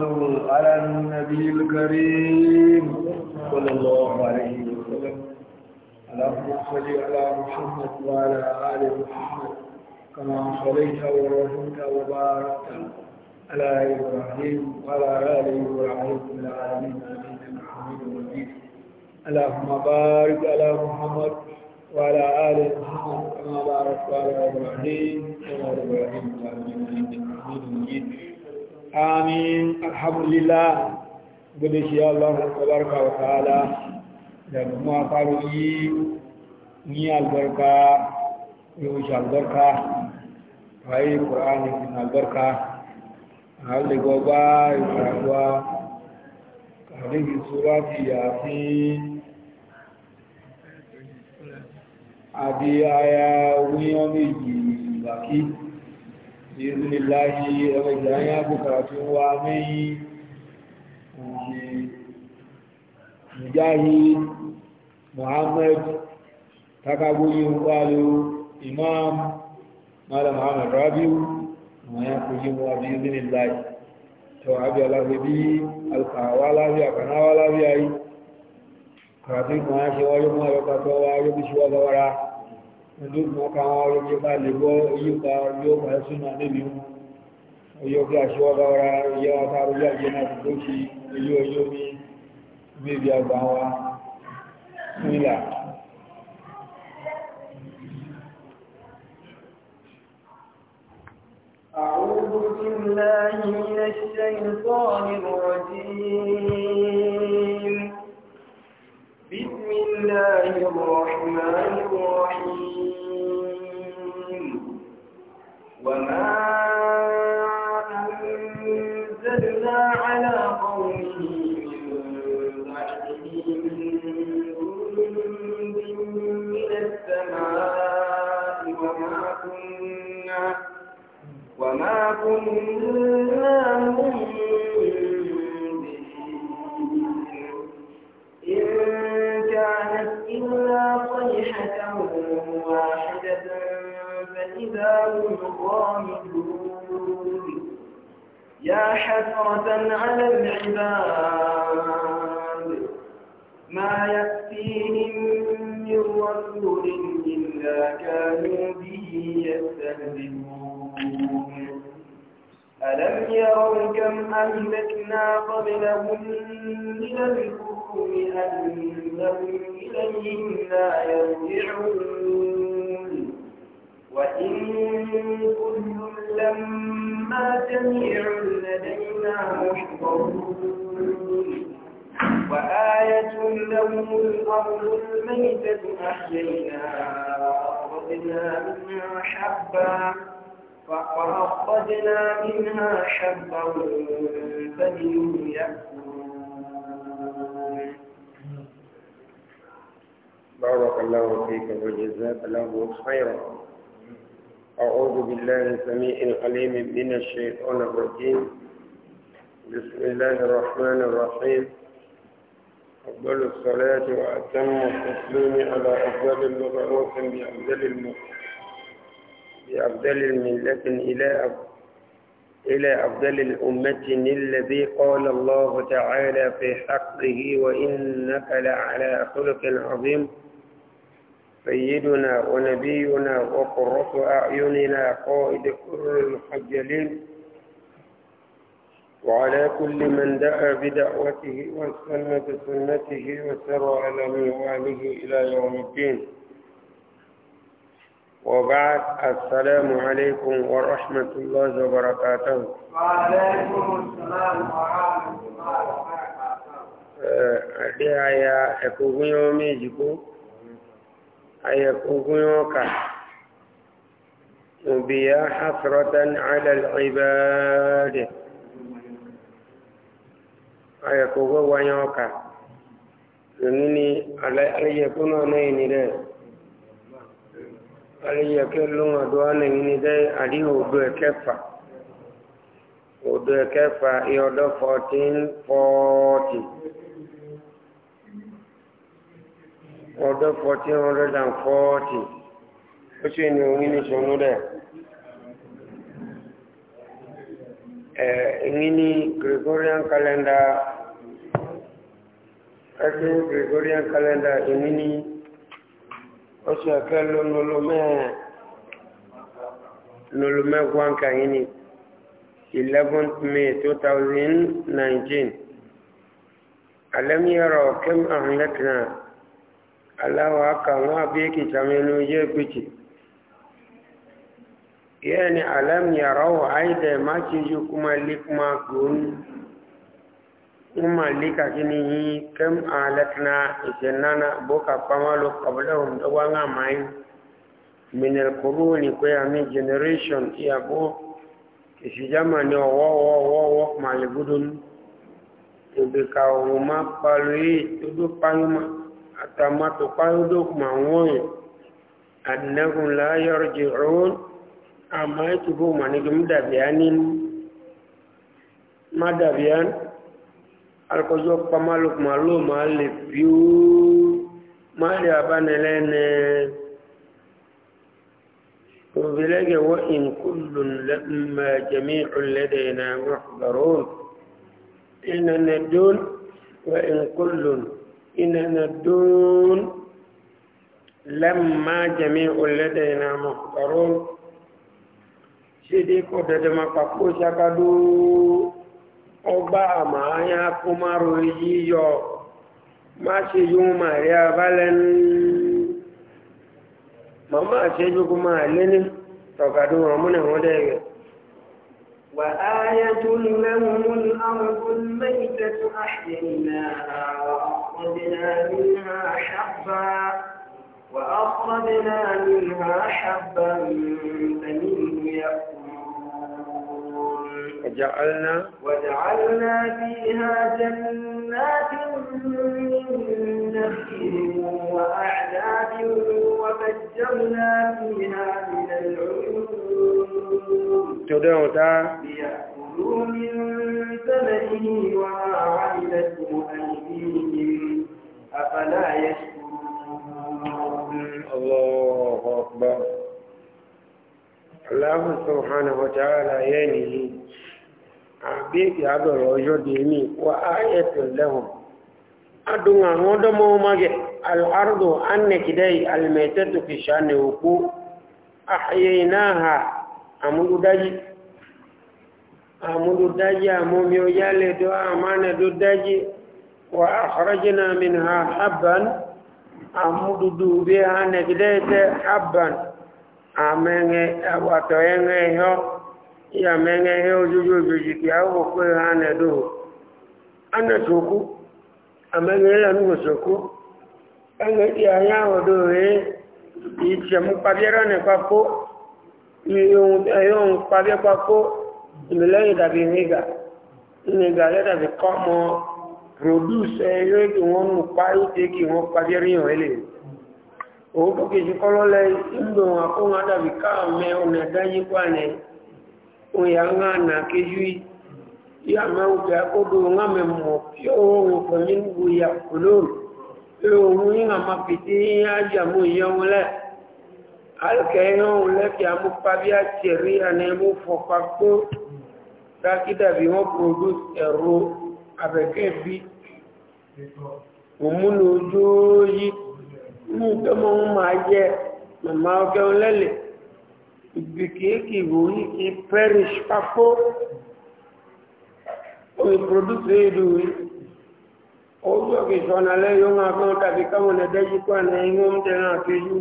صلوا على النبي الكريم صلى الله عليه وسلم اللهم صل على محمد وعلى آل محمد كما صليت ورحمت وباركت على إبراهيم وعلى آل إبراهيم في العالمين امين حميد مجيد اللهم بارك على محمد وعلى آل محمد كما باركت على إبراهيم وعلى إبراهيم في العالمين امين حميد مجيد amin alhamdulillah gudu shi Allah tabaraka wa ta'ala da kuma faru yi ni albarka yau shi albarka waye qur'ani din albarka halli goba yawa kadin surati yasin adi aya wiyan méjì baki بإذن الله رجعنا بكرة وامي مجاهد محمد تكابولي وقالوا إمام مالا محمد رابيو ويأخذ بإذن الله توعب الله بي القهوة لا بي القناوة لا بي كاتب ما شوالي ما يقاتوا وعيب شوالي وراه pẹ̀lú ọkà àwọn ọrọ̀ yóò bá lè gbọ́ yípa yóò bá súnà níbi wọn yóò bí aṣíwọ́bá ọ̀rá yẹ́ ọ̀tá orí àjẹ́ náà tó ṣe ilé ọjọ́ ní bèbí àgbà wa nílà أعوذ بالله من الشيطان الرجيم الله الرحمن الرحيم وما منها حبا فأخرجنا منها حبا فمنه يأكلون بارك الله فيك وجزاك الله خيرا أعوذ بالله السميع العليم من الشيطان الرجيم بسم الله الرحمن الرحيم أفضل الصلاة وأتم التسليم على أفضل المبعوث بأفضل الم... بأفضل الملة إلى أفضل إلى أفضل الأمة الذي قال الله تعالى في حقه وإنك لعلى خلق عظيم سيدنا ونبينا وقرة أعيننا قائد كل الخجلين وعلى كل من دعا بدعوته واستنى بسنته وسر على منواله إلى يوم الدين وبعد السلام عليكم ورحمة الله وبركاته وعليكم السلام ورحمة الله وبركاته أدعي آه، آيا آه، آه، أكوكو يومي جيكو أي أكوكو يومك وبيا حسرة على العباد ayẹ̀kọ́ wẹ́wà yẹn ọkà lónú ní alẹ́yẹ̀kọ́ náà náà ní rẹ̀ alẹ́yẹ̀kọ́ lóhùn ọ̀dọ́ náà ní rẹ̀ àdí òdo ẹ̀kẹfà òdo ẹ̀kẹfà ìọ̀dọ́ fourteen forty do fourteen hundred and forty ó sì ní òun ní sọ̀nù rẹ̀. Uh, ngini Gregorian calendar ẹgbẹ́ gregorian calendar èmi ní oṣù ẹ̀kẹ́ ló nolomẹ́gbọ́n kàyín ní 11th may 2019 alẹ́mìíràn ọ̀kẹ́m àhùnlẹ́kìnà aláwọ̀ akàwọn abẹ́kì sàmẹ́nu yẹ́ gbìtì yẹ́ ni alẹ́mìíràn ọ̀hún àìdẹ̀ má ti yí kúmọ̀ lé kúmọ̀ gbòónù umma lika kini kam alatna isenana boka pamalo qablahum dawanga mai min alquruni ko ya mi generation iya bo isijama ni wo wo wo wo malibudun ibi ka ma palui tudu payuma atama to payudu ma woyo annahum la yarji'un amma tubu manigum dabianin madabian alukɔjɔ kpama lo kuma lo ma le piu ma le aba ne lɛ nɛ obi lɛ gɛ wɔ inkulu lɛ mɛ jɛmi ɔlɛ de na ŋɔkparo ina ne don wɔ inkulu ina ne don lɛ ma jɛmi ɔlɛ de na ŋɔkparo sidi ko dɛdɛma kpakpo saka doo. ọgbà àmà anya kó márò yíyọ má ṣe yóò máa rí abálẹ́ ní màmá àṣẹjú kó máa lé ní tọ̀gàdún ọmúnà وآية لهم الأرض الميتة أحييناها وأخرجنا منها حبا وأخرجنا منها حبا فمنه يأكل وجعلنا وجعلنا فيها جنات من نخيل وأعناب وفجرنا فيها من العيون تعالى. ليأكلوا من ثمره وما عملت أيديهم أفلا يشكرون الله أكبر الله سبحانه وتعالى ينهي àbíkì àdọ̀rọ̀ ọjọ́ di èmi wà áyẹ̀tẹ̀ lẹ́hùn adùn àwọn ọdọ́mọ́ magẹ̀ alárùdù annẹ̀kìdẹ́ alìmẹ̀tẹ́tù fi ṣàánẹ̀ òkú àyè náà ha àmúdúdájí àmúdúdájí àmúmi ọyálẹ̀dọ́ àmánẹ̀dúdájí wà àkọrọ́jìnà min ha habban habban ya menye ihe ojuju ojuju ka ya wụkwe ha na-edo anasokwu ameghe ya nnwesokwu enweti anya odo he iche m kpabiara na kwako eyo kpabia kwako imele idabi niga niga ya dabi kọmọ produce eyo eki wọn mu pa ite eki wọn kpabiara yan ele oya ŋa na kejui ya ma wuga ko do ŋa me mo pio wo ko ni wu ya kulo e o mu ni ŋa ma piti ya ja mo ya mo le al ke yo le ki amu pa bia cheri ane mo fo pa ko ta ki da bi mo produce ero avec un bi mo mu no joyi mu to mo ma je mama o ke o lele ìgbìkìíkì ìwòyìn kí perish pápó omi produce èdè orí ojú ọ̀gẹ̀ ìṣọ́nà lẹ́yìn ohun agbọ́n tàbí káwọn ẹ̀dẹ́jì pọ̀ ní inú oúnjẹ náà kéjú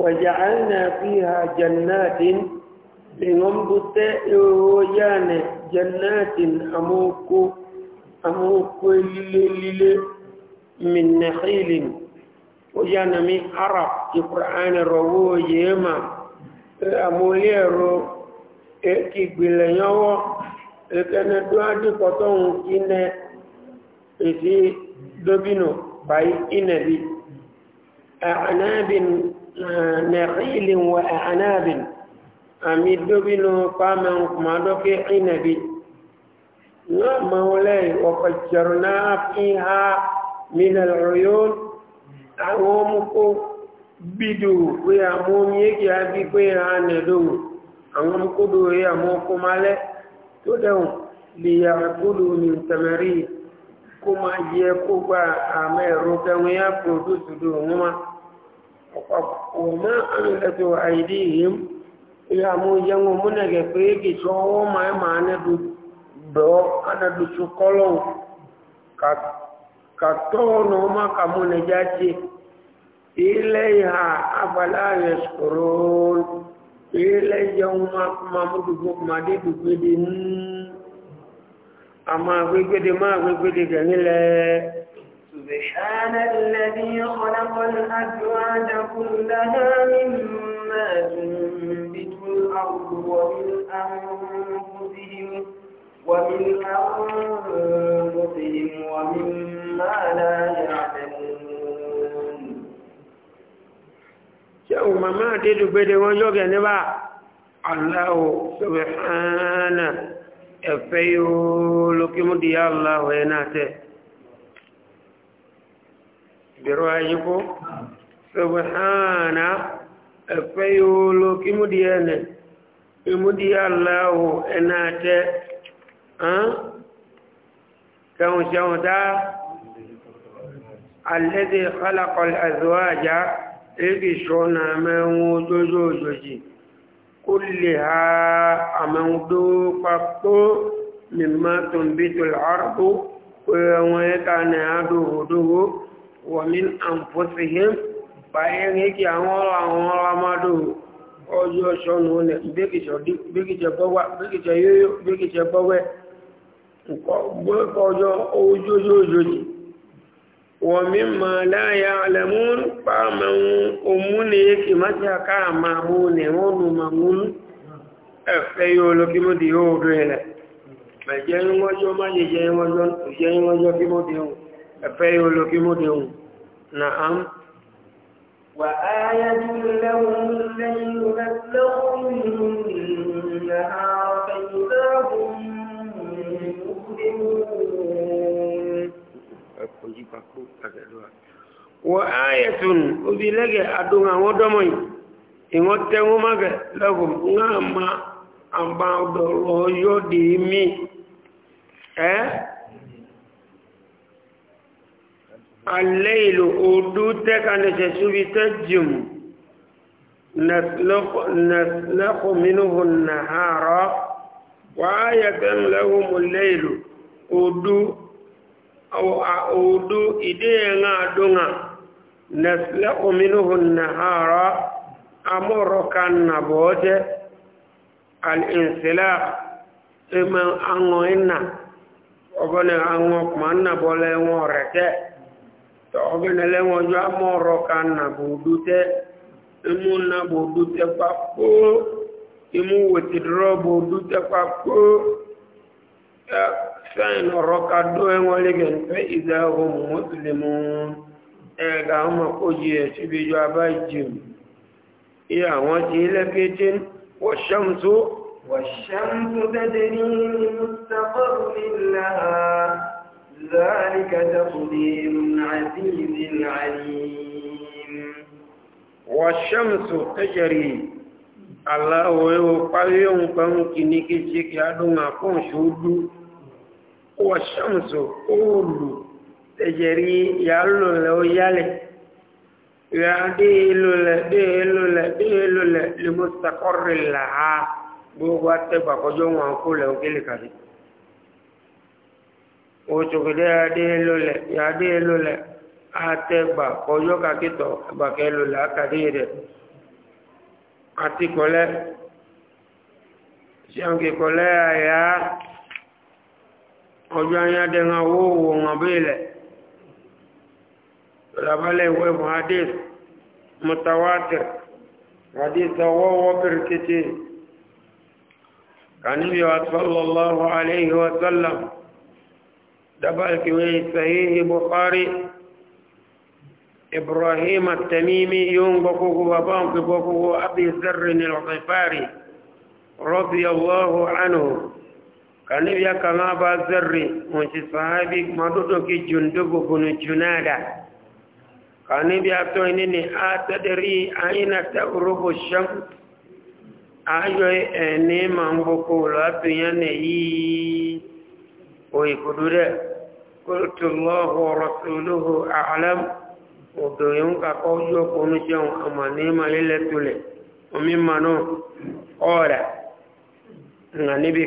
wàjàánà fi ha jannatin lè bú tẹ́ èrò yánà jannatin amókó amókó lílé lílé min nahilin ó yá na mi arab ti quran rọwọ́ yìí mà àmúlé ẹ̀rọ kí gbìlẹ̀ yánwọ́ ẹ̀kẹ́ni tó á dìkọ̀ tó ń kíne èsì dóbínú báyìí inẹ̀bí àánábìn nàìjíríìn wà àánábìn àmì dóbínú pàmẹ́ kùmádọ́kẹ́ inẹ̀bí náà àwọn ọmọkó bídò pé àmọ́ omi èkì àbí pé àánẹ̀dò àwọn ọmọkódò rí àmọ́ ọkọ malẹ́ tó ya lè yà kúrò ní tẹ̀mẹ̀rí kó máa yẹ kó gba àmẹ́ ẹ̀rọ kẹwọn yá pòdúsù كتون وما كمون جاتي إليها أفلا يشكرون إلي يوم مامود بوك مادي بوكيدين أما بوكيد ما بوكيد كنيلة سبحان الذي خلق الأزواج كلها مما تنبت الأرض ومن أنفسهم ومن أنفسهم ومن ما لا يعلمون يوم ما تدبد وجوك نبا الله سبحانه أفيولك مدي الله ويناته بروايكو سبحانه أفيولك مدي ìmúdí aláwò ẹ̀nà àtẹ́ ẹ́n kẹun ṣẹun dáa الذي خلق الأزواج إبشونا من وجوجوجي كلها أمودوقة مما تنبت الأرض ويكان هدوه دوه ومن أنفسهم báyẹn kí àwọn ọ̀rọ̀ àwọn ọ̀rọ̀ amádò ọjọ́ ṣọ́nù ọ̀nà bíkìṣẹ́ gbọ́wẹ́ ọjọ́ ojójójì wa mimma la ya'lamun ba man umune yake mata ka mamu ne wonu mamun efe yo lo ki mo di o do ele me je yin wojo ma je je yin wojo je yin wojo ki mo di o efe yo lo ki mo di o na'am wa ayatul lahum alladhi yusabbihu minhu oji pakpo agadua wa ayatun obi lege adunga ngodomo ingote ngumage lagu ngama amba odoro yo di mi eh الليل أدوت كان تشوفي تجم نسلخ, نسلخ منه النهار وآية لهم الليل أدوت أعود إدينا دنا نسلق منه النهار أمرك النبوت na إما أنوئنا ọgbọ́n àwọn ọkùnrin annabọ́lẹ̀ wọn rẹ̀ tẹ́ tọ́gbọ́n ẹlẹ́wọ̀n yọ amọ́rọ̀ ka nàbòdú tẹ́ imú nàbòdú فإن ركضوا ولكن فإذا هم مسلمون إذا هم قجيت بجابجهم يا وجه لكتن والشمس والشمس تدري لمستقر لها ذلك تقدير عزيز عليم والشمس تجري الله يقوي قنك نكتك أدنى كن شهدو wọ̀ṣọ́mùsù òòlù ẹ̀jẹ̀rí ìyálòlẹ̀ ó yálẹ̀ ìyá déèlòlẹ̀ déèlòlẹ̀ déèlòlẹ̀ lèmọ́sàkọ́rì làá gbogbo atẹ́gbà kọjọ́ wọn kó lẹ̀ òkèlè kàdé òtùkùdé adéèlòlẹ̀ ìyá déèlòlẹ̀ atẹ́gbà kọjọ́ kàkítọ̀ àgbàkẹ́lòlẹ̀ àkàdé rẹ̀ àtikọ̀lẹ̀ ṣẹ́ǹkìkọ̀lẹ̀ àyà. ọjọ́ anyá dẹ̀ ń wó wò wọn bí ilẹ̀ lọ́lábálẹ̀ ìwé fún hadith mutawatir hadith ọwọ́wọ́ birkiti kanibi wa sallallahu alaihi wa sallam dabalki wai sahihi bukhari ibrahim at-tamimi yun bokugu baban ki bokugu abi zarrin al-ghifari radiyallahu anhu kani ya kama ba zarri wanci sahabi madudoki jundubu bunu junada kani ya to ni ni a tadari aina ta urubu sham ayo ene mambo ko la tuyane yi oy kudure qultu allah wa rasuluhu a'lam odo yun ka ko yo kunu jeun amane malele tule o mi mano ora ngani bi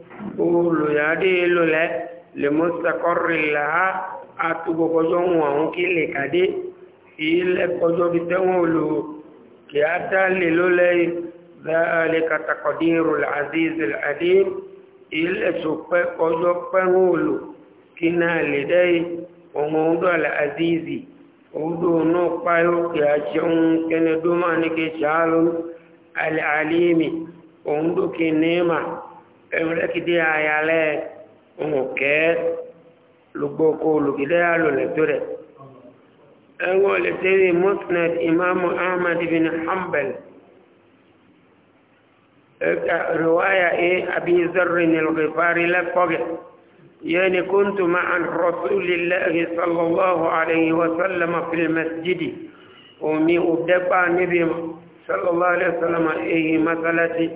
olùyàdé lólẹ́ lè mú sẹ́kọ́rì làá àtúgbọ̀kọjọ́ wọn àwọn kí lè kàdé ilẹ̀ kọjọ́ bí tẹ́wọ̀n olù kí á dá lè lólẹ́ bẹ́ẹ̀ kàtàkọ̀dé rọ̀lẹ́ àzízi àdé ilẹ̀ tó pẹ́ kọjọ́ pẹ́wọ̀n olù kí náà lè dẹ́ ọmọ ọdún àlẹ́ àzízi ọdún náà páyọ́ kí á jẹun kẹ́nẹ́dọ́mà ní kí ṣáà lọ́nà alẹ́ àlẹ́ mi ọdún kí ní mà. ẹ̀rẹ́ kìdí àyàlẹ́ ohun kẹ́ lùgbòkó olùkìdẹ́ alòlẹ́tò rẹ̀ ẹwọ́ lè tẹ́lẹ̀ musnad imamu ahmad bin hanbal رواية إيه أبي ذر الغفاري لفقه يعني كنت مع رسول الله صلى الله عليه وسلم في المسجد ومي أبدأ نبي صلى الله عليه وسلم إيه مثلتي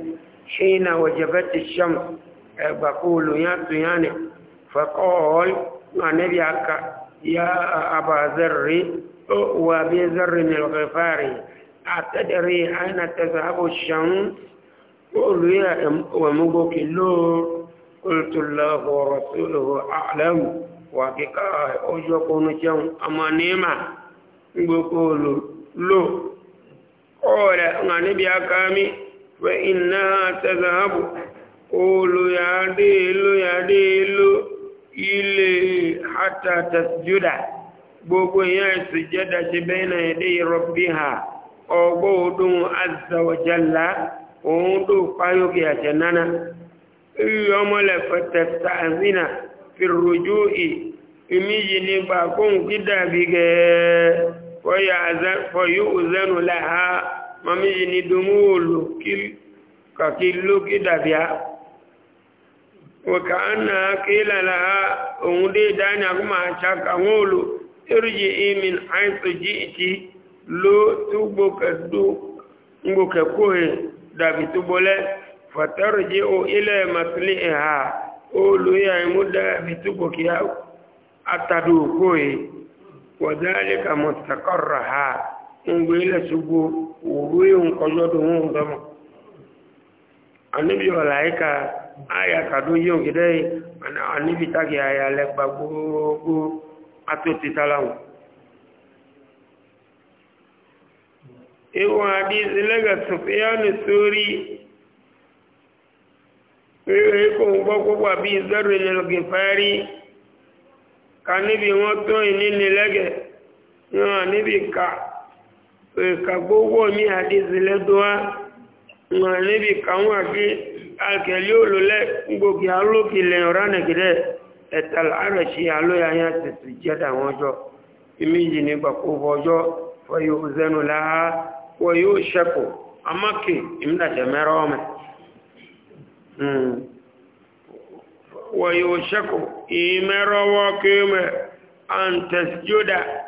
حين وجبت الشمس بقول يعني فقال النبي يا أبا ذر وأبي ذر الغفاري أتدري أين تذهب الشمس قل يا ومبك اللور قلت الله ورسوله أعلم وكيكا أجوكون شم أما بقول لو قال أنا نبي أكامي فإنها تذهب قولوا يا ديلو يا ديلو إلي حتى تسجد بوكو يا سجدة بين يدي ربها أو بودو عز وجل وندو فايوك يا جنانا يوم لفتستأذن في الرجوع إميجني باكون كده بيجي فيؤذن لها mami yi ni dumu wolo kil kaki loki dabiya wa ka anna qila laha akuma dana kuma chaka wolo irji min haythu ji'ti lo tubo kadu ngo ka koe dabi tubole fatarji'u ila masliha olu ya muda bitubo kiya atadu koe wadhalika mustaqarraha ngo ila subu òru ìhun kọjọ́ tó ń dọ́mọ̀ anibi ọ̀la yìí ka ayà kàdó yíyan gidẹ́ yìí anibi tagi ayà lẹ́gba gbogbo ató ti tala wọn. ìwọ̀n àdìsí lẹ́gàá sọ̀fíyánù sórí wíwẹ̀ ikú ń gbọ́ púpọ̀ bí zẹ́rù ìlẹ̀lọ́gẹ̀ fárí ka níbi tó ìní nílẹ́gẹ̀ wọn níbi ka kagbogbo ní àdízilẹ̀ dọ́wà ma níbi kàwọn àti alkẹ̀lẹ́ olólẹ́ gbogbo alókìlẹ̀ ọ̀ránẹ̀gẹ̀dẹ̀ ẹ̀tàlà àrẹ̀ṣì alóyáyá tẹ̀sì jẹ́dà wọn jọ imíjì ní gbàkóbọ̀ ọjọ́ fọyí òzẹ́nu láhá wọ yóò ṣẹ́kù amákè ìmìdàjẹ̀ mẹ́rọ ọmọ hmm. wọ yóò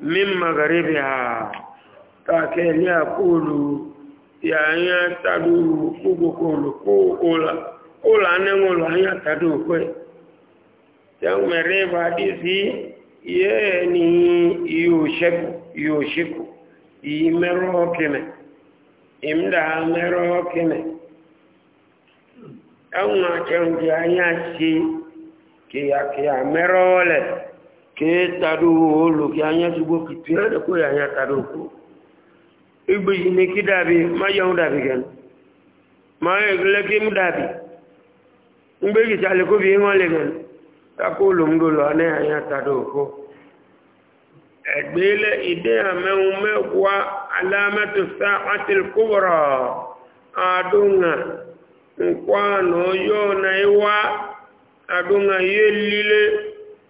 min magharibiha take ni akulu ya anya tadu kugo kulu kula kula ne ngulu anya tadu kwe ya mereba disi ye ni yushiku yushiku imero kine imda mero kine àwọn àjẹun di ayé àti kìyàkìyà mẹ́rọ́ọ́lẹ̀ ke o o ki anya sugo ki tiada ko anya tadu ko ibu ne ki dabi ma yaw dabi gan ma egle ki mu dabi mbe ki chale ko bi ngole gan takulu mdulo ane anya tadu ko egbele ide ame ume kwa alamatu sa'ati al ŋa adunga nkwano yo na ŋa adunga lile.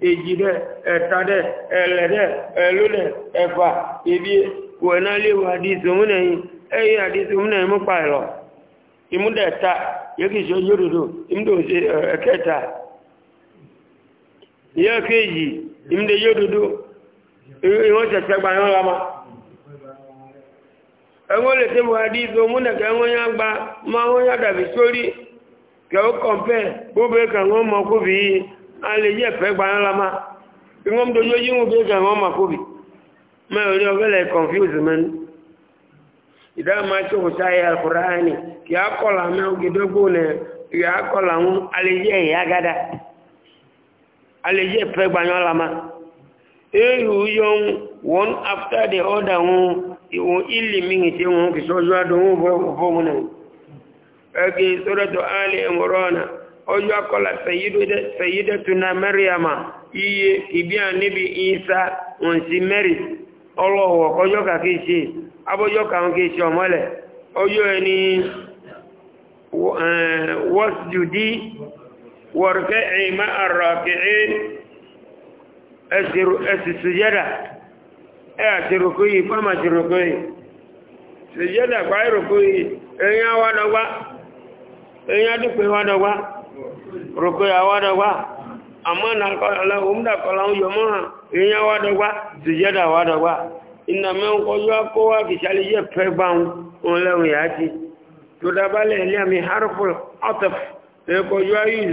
èjì Ẹtade ẹ̀ta dẹ ẹ̀lẹ̀ ibi wẹ̀ná léwu àdìsí òun nẹ̀yìn mú pa ìmúdẹ̀ta ṣe yóòdòdó ìmúdòdó ẹ̀kẹta yẹ kéèjì yóòdòdó ìwọ́n ṣẹ̀ṣẹ̀ gbà yán lama lè wọ́n yá lè yẹ fẹ́ la ma ìwọ́n tó yóò yíwọ́n bí ẹ̀kẹ́ wọn ma kóbi mẹ́ orí ọgẹ́lẹ̀ confuse mẹ́nu ìdáàmà tó kò sáyé alkùránì kì á kọ́lá mẹ́ ògidógbò nẹ kì á kọ́lá yẹ ìyá gada fẹ́ la ma one after the other wọn ìwọ̀n ìlì mi kì wọn bọ́ náà ẹ̀kì náà oyo akola na maryama iye ibia níbi isa onsi mary ọlọ́wọ̀ ọjọ́ kàkí ṣe abọ́jọ́ kàwọn kí ṣe ọmọlẹ̀ ọjọ́ ẹni wọ́sjúdí wọ̀rọ̀kẹ́ ẹ̀yìnmá àrọ̀kẹ́ ẹ̀sì sùjẹ́dà ẹ̀ àtìrùkú yìí fọ́mà roko ya wa dɔgba amana kɔlɔ omda kɔlɔ yɔmɔ hã yiyan wa dɔgba zijada wa dɔgba iname ŋkɔjɔ ko wa kisali yɛ pɛ gbaŋu ŋun lɛ ŋun yaati todaba lɛ liami harifol ɔtɔf ekɔjɔ ayi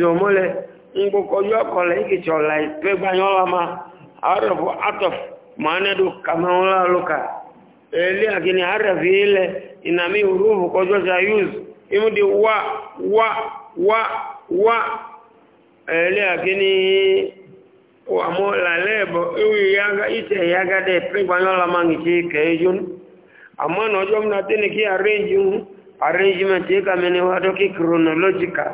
ma harifol ɔtɔf mɔane do kama la elia di wa ẹ̀lẹ́ àkíní wà mọ́ làlẹ́ẹ̀bọ̀ ìtẹ̀ yágádẹ̀ pẹ́gbàyọ́lá máa ń ṣe kẹ́ẹ̀yún àmọ́ ọjọ́ mú náà tẹ́lẹ̀ kí arrangement yẹ́ kàmẹ́ ni wá dọ́kí chronological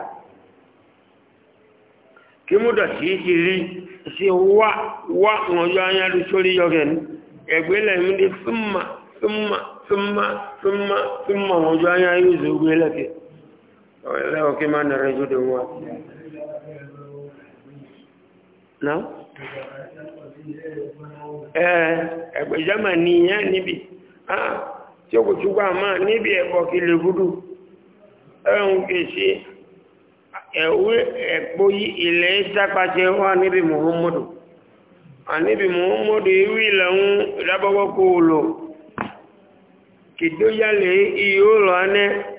kí mú dọ̀tí ìṣìlí ṣe wá wá ọjọ́ anyádú sórí yọgẹ̀ni ẹgbẹ́lẹ̀ mú dé súnmà súnmà súnmà súnmà súnmà ọjọ́ anyádú sórí yọgẹ̀ni leo kima na mwa na eh jama ni ah, ma níbi e ko kile gudu ehun ke se ewe eh, epo eh, yi ile sapase wa níbi muhammadu anibi muhammadu iwi lehun rabogo ko iyo lo ane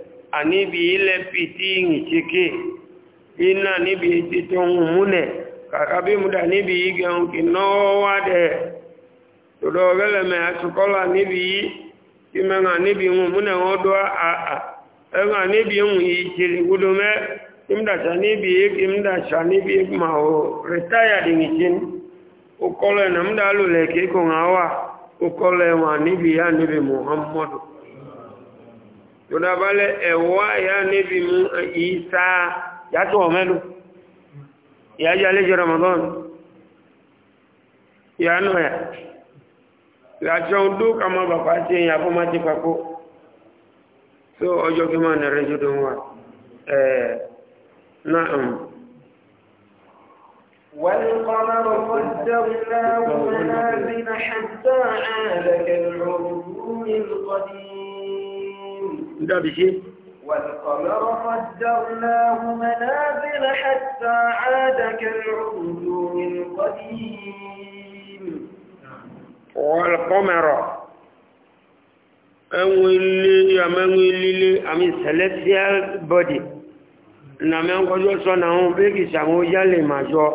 anibi ilẹ̀ pìtì ìyìnṣíkè iná níbi títí ohun múnẹ̀ kàkàbí múdà níbi ìgẹun kì náà wá dẹ̀ tòdọ̀ ọ̀rẹ́lẹ̀mẹ̀ àtúkọ́lá níbi yí kí mẹ́ràn níbi ohun múnẹ̀ a a níbi gbọdọ níbi níbi yá níbi todabalẹ ẹwọ ya níbi mú ìsá yàtọ̀ ọ̀mẹ́lú ìyájá lẹ́jọ́ ramadan ìyánú ya làjọ ọdún kàmọ́ bàbá tí èyàn fún máa ti papò tó ọjọ́ kí máa nẹ̀rẹ́ jù dùn wà ẹ̀ náà والقمر قدرناه منازل حتى عاد كالعرجون القديم ندابي شيء والقمر قدرناه منازل حتى عاد كالعرجون القديم والقمر أولي أمولي أمي celestial body nàmẹ́ ń kọjọ́ sọ náà wọn bí kìí sàmó yálè màjọ́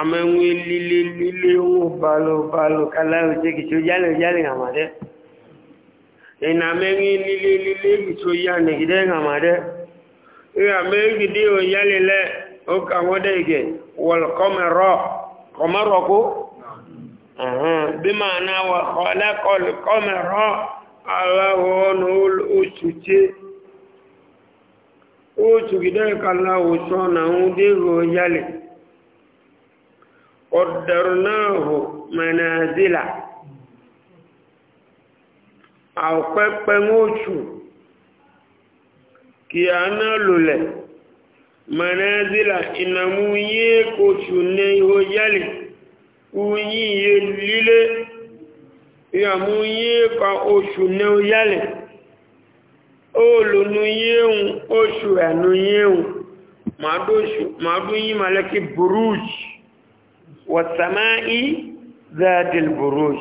àmẹ́wọ̀n lílé lílé owó balòbalò kálá òjé kìí tó yálè yálè àmàdẹ́ ina mengi lili lili kituya ni gidenga made ya mengi dio yale le oka ngodege wal qamara qamara ko aha bima na wa khalaqal qamara allahu nul usuche otu gidenga allahu sona udego yale qaddarnahu manazila àpẹpẹ ńwòtù kì á ná lòlẹ̀ mọ̀nẹ́zílà ìnàmú yé kòtù ní ihò yẹ́lì uyi yé lílé ìyàmú yé pa oṣù ní ihò yẹ́lì olùnú yéhùn oṣù ẹ̀nu yéhùn màdún yí malẹ́kí burúj wọ̀sàmáì zaadil burúj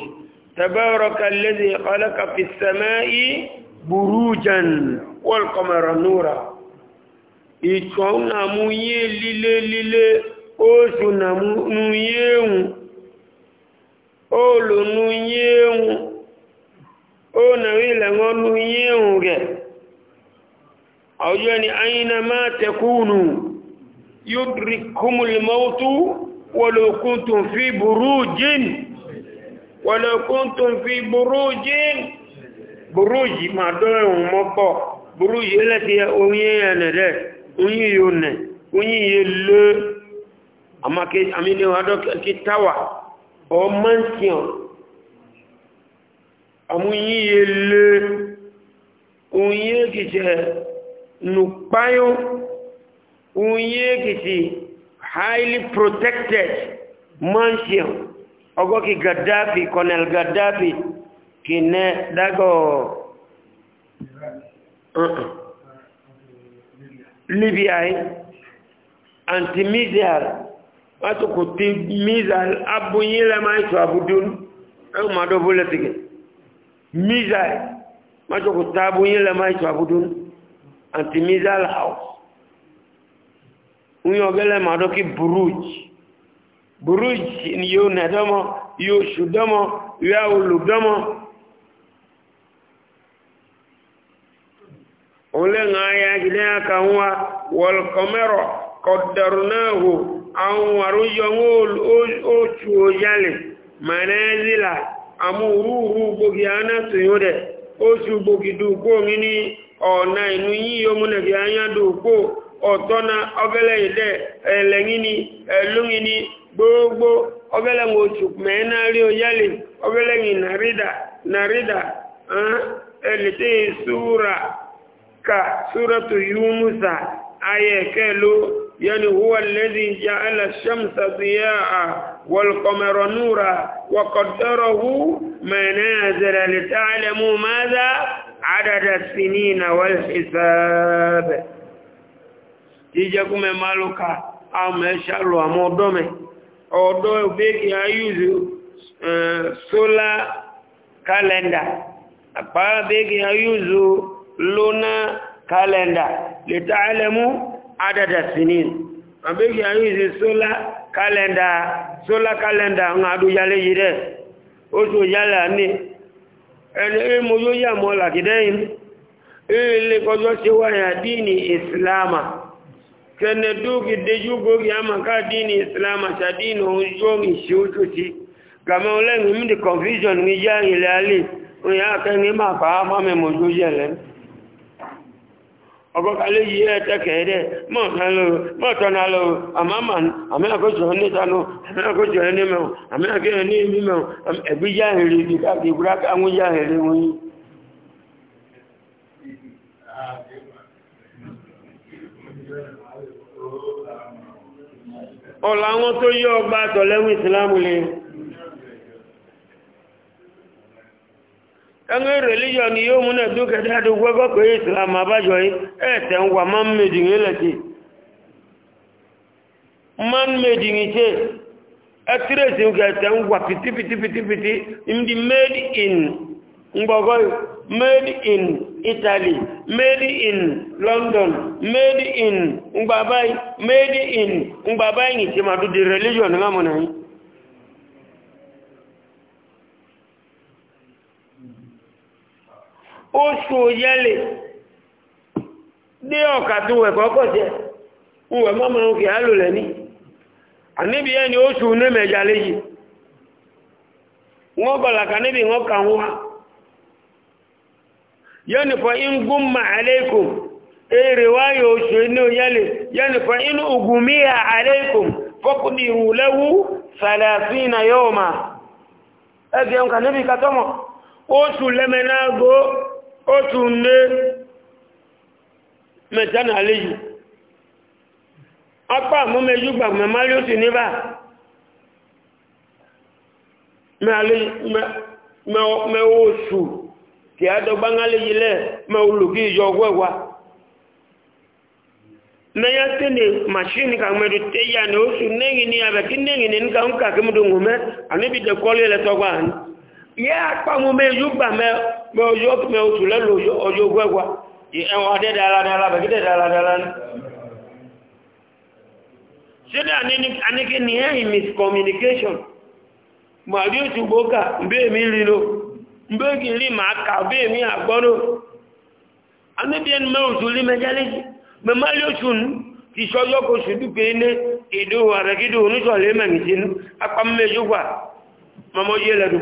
تبارك الذي خلق في السماء بروجا والقمر نورا ìṣọ́n nàmú yé lílé lílé oṣù nàmú yéhùn olùnú yéhùn ó nàrí ìlẹ̀wọ́nú yéhùn rẹ̀ ọjọ́ ni aina máa tẹkùnù yóò rí kúmùlmọ́tú wọlòkúntùn fi burú jíni wọ́lẹ̀ kúntùn fi burújí burújí ma dọ́rẹ̀ ohun mọ́pọ̀ burújí lẹ́ti oyin ẹ̀nẹ̀dẹ̀ oyin yóò nẹ̀ oyin yẹ lé àmìniwádọ́kí táwà ọ mọ́ntíọ̀n àmúyí yẹ lé highly protected mansion ogoki gaddafi colonel gaddafi kine dago libya eh? antimisial watu kutimizal abunyile maitu abudun au madobule tige misal macho kutabunyile maitu abudun antimisial house unyogele madoki buruji buruj ni yo nadamo yo shudamo yo lugamo ole ngaya gina kanwa wal kamero qaddarnahu an waru yongul o chuo yale manazila amuru bogiana tuyode o chu bogidu ko ngini ona inu yi yo mune gianya du ko otona ogele ide elengini elungini gbogbo ọbẹ̀lẹ̀ ń oṣù mẹ́ẹ́nà rí oyálè ọbẹ̀lẹ̀ ń nàrídà nàrídà ẹ̀lẹ́tẹ̀ súra ka súra tó yúmùsà ayẹ kẹló yẹni huwa lẹ́dí ya tó yẹ à àdàdà kú mẹ́ máa lóka, àwọn mẹ́ àmọ́ ọdọ́ ọ̀dọ́ ìbéèkì ayúzù sólá kálẹ̀ndà àpárá béèkì ayúzù lónà kálẹ̀ndà lè tààlẹ̀mú adada sinin àbéèkì ayúzù sólá kálẹ̀ndà sólá kálẹ̀ndà ń adójálé yìí rẹ̀ oṣù yálà ní ẹni ìmú yóò yà mọ́ làkìdẹ́yìn ilé kọjọ́ ṣe wáyà dínì ìsìláàmà kene dugi dejugogi ama ka dini islam acha dini ujongi shiututi kama ulengi mdi confusion ngijangi ile ali uyake ngima fahamu amemujujele ọgọ́ kalẹ̀ yìí ẹ̀tẹ́ kẹ̀ẹ́dẹ́ mọ́ọ̀tọ́nàlọ́ àmàmà àmẹ́àkójọ ní ìtànú àmẹ́àkójọ ní mẹ́wọ̀n àmẹ́àkójọ ní mímẹ́wọ̀n ẹ̀bí jáhìrì ọ̀la wọn tó yọ ọgbà tọ̀lẹ́wù ìsìlámù lè ẹgbẹ́ rẹ̀líyọ̀ ni yóò múnẹ̀ tó kẹta tó gbọ́gbọ́ pé ìsìlámù àbájọ yìí ẹ̀ẹ̀tẹ̀ ń wà máa ń mèdì nílẹ̀tì máa ń mèdì níṣẹ́ ẹtírẹ̀sì ń kẹta ń wà pìtìpìtìpìtì made in ngbogoy made in italy made in london made in ngbabai made in ngbabai ni ti ma du di religion nga mo na yi oṣù yẹlẹ̀ dé ọ̀kà tó wẹ̀ kọ́kọ́ jẹ́ wẹ̀ mọ́mọ́ òkè alùlẹ̀ ní àníbi ẹni oṣù ní mẹ̀jà léyìí wọ́n gbọ́lá kà níbi wọ́n kà wọ́n yani fa in gumma alaikum eh riwaya osho ni o yale yani fa in ugumiya alaikum faqdiru lahu 30 yawma ege on kanabi katomo oṣù lemenago oṣù ne mejana aleyu apa mu meju gba me mali o ma ni ba me ale me me oṣù tí a dọ́gbá ń lè yílẹ̀ ma olùkí ìjọ ọgbọ́ ìwá mẹ́yà tí ni kan mẹ́rin tẹ́ ní oṣù nẹ́yìn ní abẹ́ kí nẹ́yìn ní ń kà kí mọ́tò ń mẹ́ àníbi kọ́lé gbà mẹ́ ọjọ́ mẹ́ oṣù ni ẹ̀yìn miscommunication oṣù bẹ́ẹ̀ mi mbe gili ma ka be mi agboro ani bien me ojuli me jale me mali ochun ti so yo ko pe ne edo wa re kido onu so le me ngin apa me jugwa ye le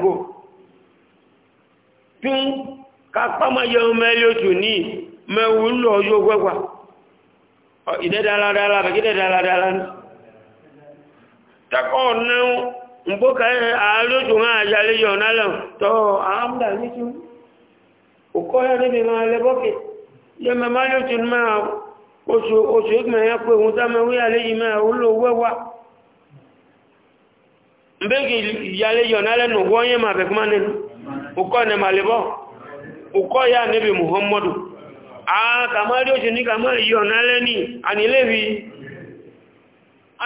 ka pa ma yo me me wu lo yo o ide be ta ko nu mgbe alójú wọn ya yọ nálẹ̀ tọ́ àmdà ní tí òkọ́ yá níbi máa lẹ bọ́kẹ̀ yẹ mẹ́má ló ti máa oṣù oṣù ìgbìmọ̀ yẹn pé òun tá mẹ́wé àléyìn máa yọ wọ́n yẹ máa bẹ̀kú máa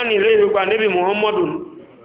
nínú lẹ bọ́ níbi muhammadu ní pa níbi muhammadu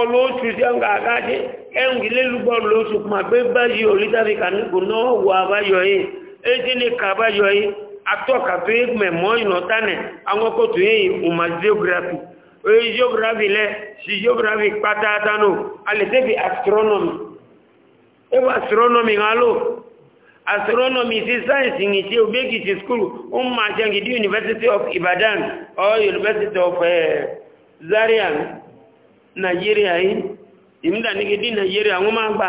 olóòtú tí wọn kà káàdé ẹnwì lélùgbọ́ olóòtú kuma pé báyìí olítàfi kà ní kò náà wọ abáyọ yìí ètí ni kà abáyọ yìí atọ́ka pé mẹ̀mọ́ ìnọ̀tánẹ̀ àwọn kòtò yìí ọmọ geography oye geography lẹ si geography pátáátánù alẹ́ tẹ́bi astronomy ewu astronomy ń alò astronomy ti science ní ti obekiti school ó máa university of ibadan or university of uh, zaria nàìjíríà yìí ìmúdànígidí nàìjíríà wọ́n máa gbà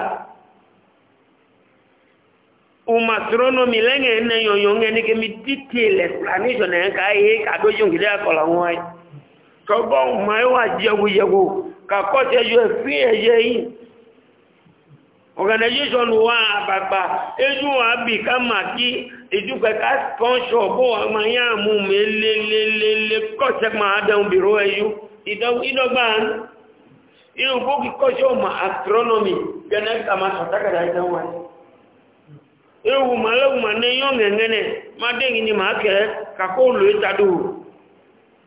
umastronomy lẹ́yìn ẹ̀nà yọ̀nyọ̀ ẹni kí mi detail explanation ẹ̀ ká yé àdójú ìdí àkọlọ̀ wọn ẹ̀ tọ́gbọ́ ọmọ ẹwà jẹgujẹgu kàkọ́tẹ́ yọ ẹ̀fí ẹ̀yẹ yìí organization wa àgbàgbà ejú wa bì ká mà kí ìdúpẹ́ ká sponsor bó wa máa yá àmú mi lélelele kọ́sẹ̀ máa dẹun bìró ẹyú ìdọ́gbà ilu bugi kojo ma astronomi gane kama sataka da ita wani ewu malewu ma ne yon ngene ma dengi ni ma ke ka ko lo ita du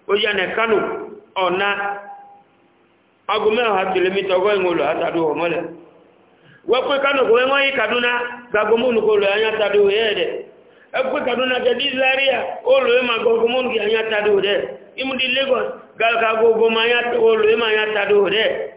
o ya ne kanu ona agume ha kilomita go en lo ita du o mole wa ko kanu ko en yi kaduna ga go mu nu ko lo anya ita du ye de e ko kaduna ga di laria o lo ma go go mu nu ga anya ita du de imu di lagos gal ka go go ma ya o lo ma anya ita du de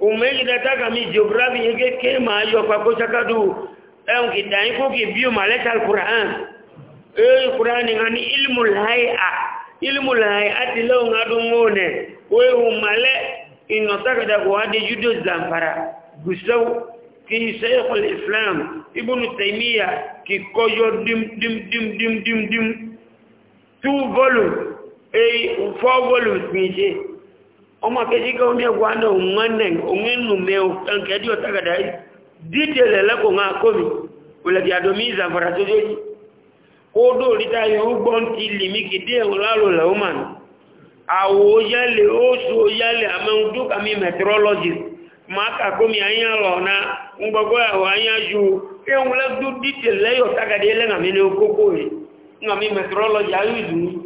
umejida taka mi geography yake kema hiyo kwa kocha kadu eh kidai ko kibiu maleta alquran eh qurani ngani ilmu alhay'a ilmu alhay'ati law ngadungone we umale inotaka da kuadi judo zamfara gusau ki shaykh alislam ibn taymiya kikoyo dim dim dim dim dim dim volu volumes eh volu volumes meje ọmọ kejì kí omi ẹgbọ́ àná òun ẹnẹ òun ẹnu mẹ ẹnkẹ́ dí ọ̀tá gàdá yìí dídè lẹ́lẹ́kọ̀ọ́ ńlá kọ́mi òlẹ̀dì àdómi ìzàfàrà tó dé yìí kó dò ríta yóò gbọ́ ti lìmí kìdí ẹ̀hún lálò lẹ́wọ́ mà ní àwò yálẹ̀ oṣù yálẹ̀ àmẹ́hùn dúkàmí mẹtírọ́lọ́jì máa kà kọ́mi àyàn lọ ná ńgbọ́gbọ́ àwọn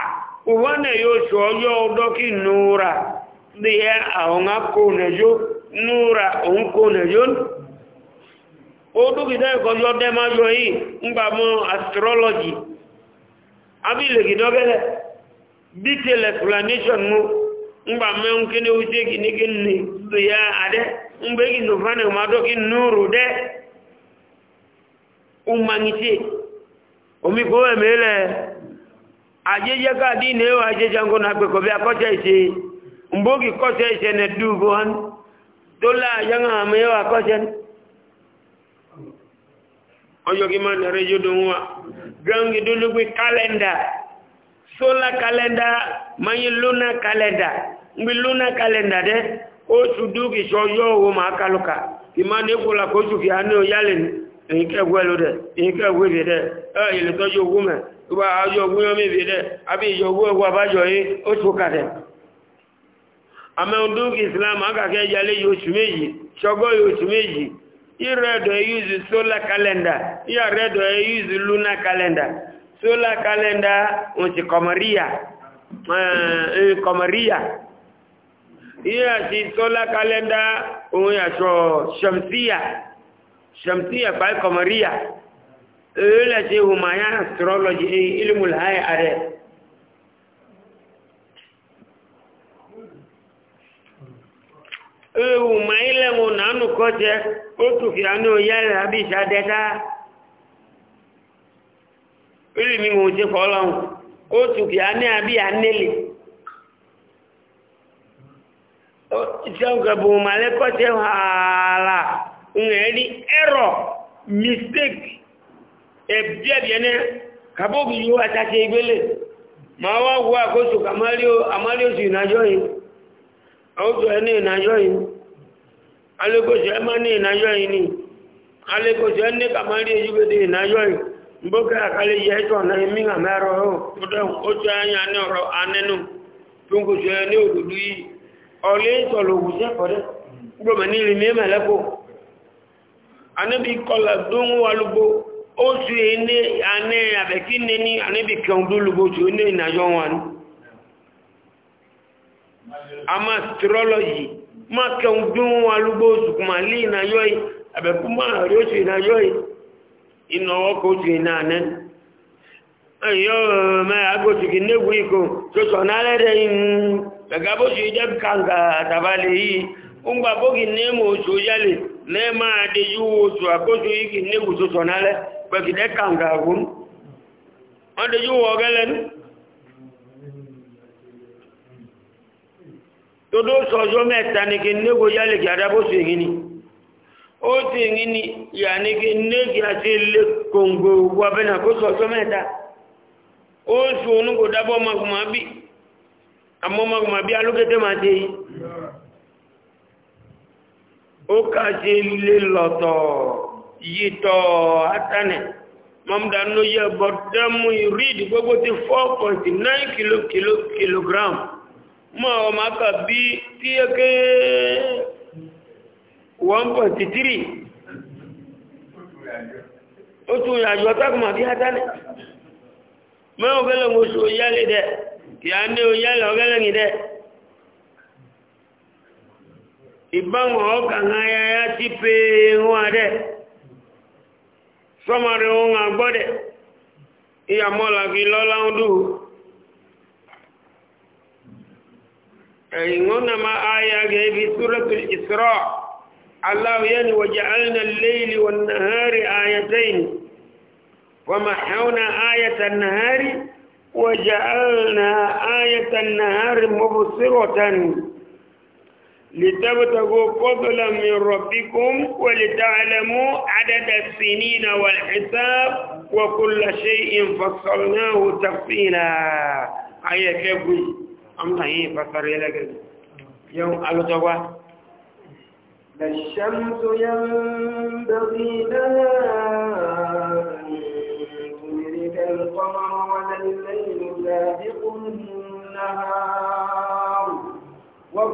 uwane yosu ọjọ́ ọdọ́kì núra bí ẹ àwọn akóònẹjó núra òun kóònẹjó ó dókítà ìkọjọ́ dẹ́májọ́ yìí ń gbà mọ́ astrology abílẹ̀gìdọ́gẹ́lẹ̀ detail explanation mú ń gbà mẹ́un kí ní oúnjẹ kìíní kí ní bí ẹ adẹ́ ń gbé kí nùfánà ìmọ̀dọ́kì ajeje ka di ne wa ajeje ngo na gbe ko bi akoje ise mbogi koje ise na du go han dola yanga me wa koje oyo gi man re yo dun wa gangi dulu bi kalenda, sola kalenda, mayi luna kalenda, mgbe luna kalenda calendar de oṣù dúkì ṣọyọ́ owó ma kálùkà ìmá ní kúlà kóṣù fi a ní òyálẹ̀ ní ìkẹ́gbẹ́ lódẹ̀ dị. fìdẹ̀ ile ìlẹ̀tọ́jú ogún mẹ́ tó bá ayọ̀ wúyọ́ mẹ́bí dẹ̀ àbí ìyọ̀ wúyọ́ wà bá yìí ó tó kà dẹ̀ islam akàkẹ́ yalé yóòtù méjì ṣọgọ́ yóòtù méjì ìrẹ́dọ̀ yíùsù solar calendar ìyàrẹ́dọ̀ yíùsù lunar calendar solar calendar wọ́n ti kọmọríyà kọmọríyà solar calendar òun yàṣọ shamsiya ṣamsíyà pàí kọmọríyà ele ce humaya astrology e ilmul haya ewu ma ile mu na nnukọ je otu fi anụ ya rabisha deta ilimi mu je otu fi abi ya nneli ìṣẹ́ǹkẹ̀ bù ma lẹ́kọ́ tẹ́ hààlà ero. ẹ̀bíẹ̀bíẹ̀nẹ́ kàbókì yíó àtàkì ìgbélé ma wá wọ́ àkóso àmáríòsù ìnájọ́ yìí àwójọ ẹ ní ìnájọ́ yìí alékòsò ẹ má ní ìnájọ́ ni alékòsò ẹ ní kàmárí ejúgbédé ìnájọ́ yìí mbókẹ́ àkálẹ̀ yẹ ozu ene ane abeki neni anebi kẹundulugo ozu ene ìnàjọ wọn ama astrology ma kẹundun alugbo otu kuma li ìnàjọ yìí ma rí ozu ìnàjọ yìí inu gbẹgbẹ bó kàǹkà àtàbálẹ yìí ń gbà bókì ní mò oṣù yálè yìí kì ní pẹ̀kìdẹ́ kàǹgà àgún wọ́n dojú wọ ọgẹ́lẹ́ ní todo sọjọ́ mẹ́ta ní kí nígbò yálè kí adábóso èyí ni ó sì èyí ni yà ní kí nígbì àti ilé kòǹgò o kó sọjọ́ mẹ́ta ó sì ma ka yìtọ̀ atani mọ́mdà ló yẹ bọ̀dẹ́mù ìrìdì gbogbo ti 4.9 kilo kilo kilogram mọ́ ọmọ aka bí tí é ké 1.3 ó tún ìrìnàjò ọ̀tọ́kùnmà bí atani mẹ́wọ̀n gẹ́lẹ̀ oṣù yẹ́lẹ̀ dẹ̀ kì á ní oyẹ́lẹ̀ ọgẹ́lẹ̀ ní dẹ̀ ìbáwọn ọkà ń ayáyá ti pé wọn adẹ́ kọ́mọ̀rẹ́ ohun àgbọ́dẹ̀ ìyàmọ́làbí lọ́láúndù ẹ̀yìn wọn na máa ayá gẹ̀ẹ́bí túrẹ́tùl ìsirọ́ aláwọ̀yẹ́ni wàjẹ́ alìnà lẹ́ìlì wọn nàárì ayatẹ́yìn ومحونا آية النهار وجعلنا آية النهار مبصرة لتبتغوا فضلا من ربكم ولتعلموا عدد السنين والحساب وكل شيء فصلناه تفصيلا أي كبري أم هي فصل لك يوم الغوا الشمس ينبغي لها أن تدرك القمر ولا الليل سابق النهار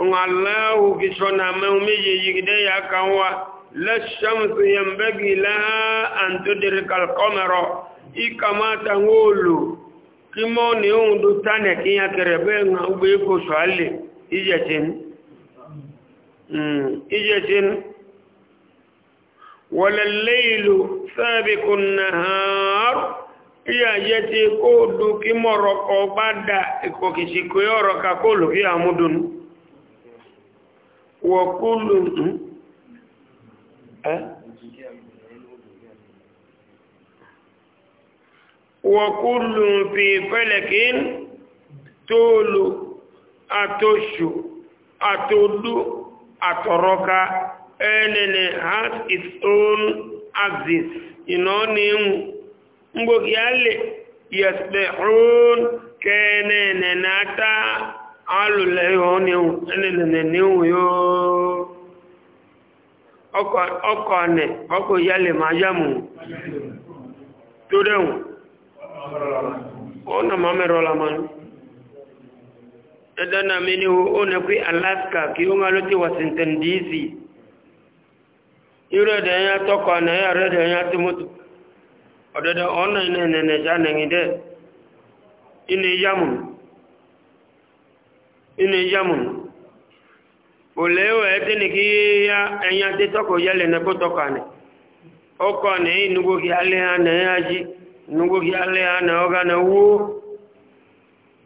الله كشنا مومي يجدي كوا لا الشمس ينبغي لها أن تدرك القمر إكما تقول كما نيون دوتانا كي يكربين وبيكو سؤالي إجتين إجتين ولا الليل سابق النهار iya jẹ́ ti kó dùn kí mọ̀rọ̀kọ̀ bá dà ìkòkìsìkò yọ́rọ̀ kakó lòkí àmúdùn wọ̀kúlù ẹ́ wọ̀kúlù fi fẹ́lẹ̀kí tóòlù àtòṣù àtòdú àtọ̀rọka ẹlẹ́lẹ̀ has its own axis iná ní ń gbogbo yálẹ̀ yẹ̀sẹ̀ òun kẹ́ẹ̀nẹ̀ẹ̀nẹ̀ náà alùlẹ̀ yóò níhù ẹnìlẹ̀ níhù yóò ọkọ̀ ànẹ̀ ọkọ̀ ìyálẹ̀ máa yàmù tó dẹ̀hùn ọ̀nà máa mẹ́rọ lamọ́nú ẹ̀dọ́nà mi níhù ó nẹ pé alaska kí ó ń alótí washington dc irú ẹ̀dẹ̀ ẹ̀yà tọ́kọ̀ ànẹ̀ ẹ̀yà rẹ̀ ẹ̀yà tí mọ́tò ọ̀dọ̀dọ̀ ọ̀nà ìnẹ̀ẹ̀nẹ̀ ine yamu olewo etini ki ya enya te toko yale na kotoka ne oko ne e nugo ki ale ana yaji e nugo ki na wu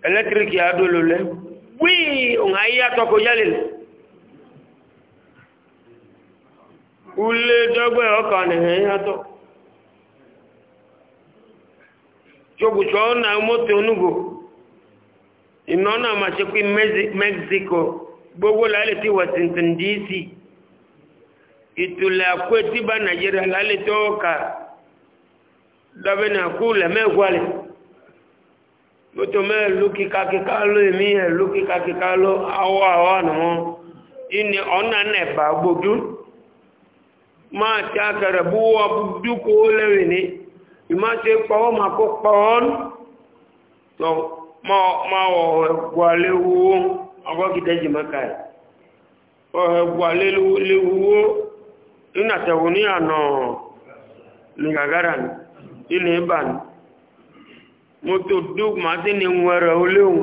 electric ya dolole wi ungaiya toko yale ule dogbe oko ne e ya to jogu moto nugo iná náà máa ṣe pé mexico gbogbo lálẹ́ tí washington dc ìtòlẹ̀ àkó etí bá nàìjíríà lálẹ́ tó kà dọ́bẹ̀nà kú lẹ́mẹ́gbàlẹ̀ mọ́tò mẹ́rin ló kíkà kíkà ló èmi ẹ̀ ló kíkà kíkà ló awọ́ àwọ́ ànàmọ́ ìní ọ̀nà nẹ̀bà gbòdú máa tí a kẹrẹ̀ bú dúkòó lẹ́rìn ní ìmáṣe pọ́wọ́ máa kó pọ́ọ́nù ma ọ ẹ̀gbà léwúwó ọgọ́gidẹ́ jìmọ́ka ẹ̀ ẹ̀gbà léwúwó nínú àtẹ̀wò ní ànà ọ nínú ìbà ní mo tó dúk ọ tí ni ń ọ oléhùn